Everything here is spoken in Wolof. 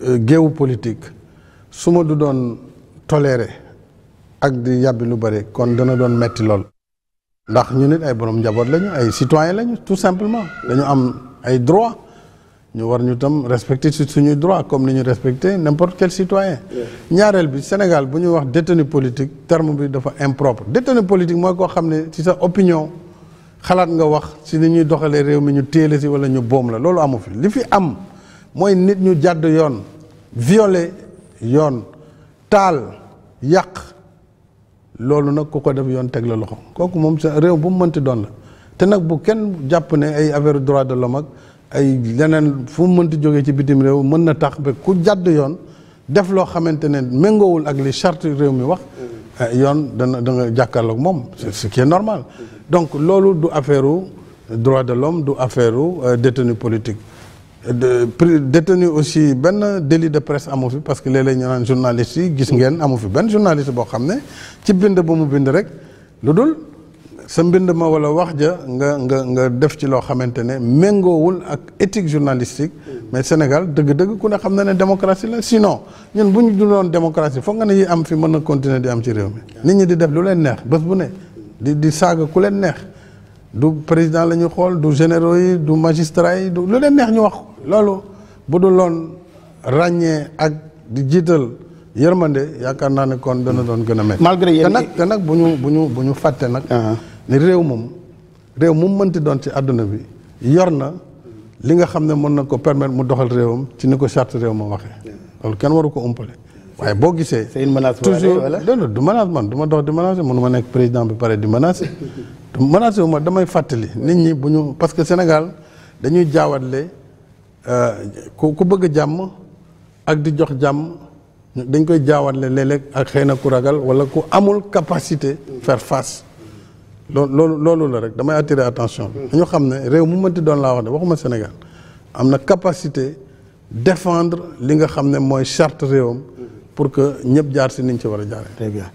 Euh, géopolitique suma ma du doon toléré ak di yabbi lu bari kon dana doon metti lol ndax ñu nit ay borom njaboot lañu ay citoyen lañu tout simplement dañu am ay droit ñu war ñu tam respecter si suñuy droit comme ni ñu respecter n'importe quel citoyen ñaarel bi Sénégal bu ñu wax détenu politique terme bi dafa impropre détenu politique mooy ko xamné ci sa opinion xalaat nga wax si ni ñuy doxalee réew mi ñu téele si wala ñu boom la loolu amu fi li fi am moy nit ñu jadd yoon violé yoon tal yàq loolu nak ku ko def yoon teg la loxo koku mom sa rew bu mu mënti doon la te nak bu kenn japp ne ay affaire droit de l'homme ak ay lenen fu mu mënti joggé ci bitim rew mën na tax be ku jadd yoon def lo xamantene ne méngoowul ak li charte rew mi wax eh, yoon da nga mom c'est ce qui est normal donc loolu du affaire droit de l'homme du affaire euh, détenu politique détenu aussi ben délit de presse parce que les léeg journaliste yi gis ngeen journaliste bo xamné ci bind bu mu bind rek ludul sa ma wala wax ja nga nga nga def ci ak éthique journalistique mais Sénégal deug deug ku ne xam na démocratie la sinon ñun buñu démocratie nga ne am fi continuer di am ci mi nit ñi di du président la ñu xool du généraux yi du magistrat yi du lu leen neex ñu wax loolu bu du loon ràññee ak di jiital yërmande yaakaar naa ne kon dana doon gën a métti. malgré yéen nag nag bu ñu bu ñu bu ñu fàtte nag. Ah. ni réew moom réew mu mënti doon ci àdduna bi yor na li nga xam ne mën na ko permettre mu doxal réewam ci ni ko charte réew ma waxee. loolu kenn waru ko umpale. waaye boo gisee. c'est une menace toujours du menace man du ma dox di menacer mënu ma nekk président bi pare di menacer. menacé wu damay fàttali nit ñi buñu parce que Sénégal dañuy jaawatle euh, ku ku bëgg jàmm ak di jox jàmm dañ koy jaawatle lélé ak xéna ku ragal wala ku amul capacité faire face lolu lolu loolu la rek damay attirer attention ñu xamné ne réew mu mënti doon la wax né waxuma Sénégal amna capacité défendre li nga xamné moy charte réewam pour que ñëpp jaar ci niñ ci wara a jaaree. Très bien.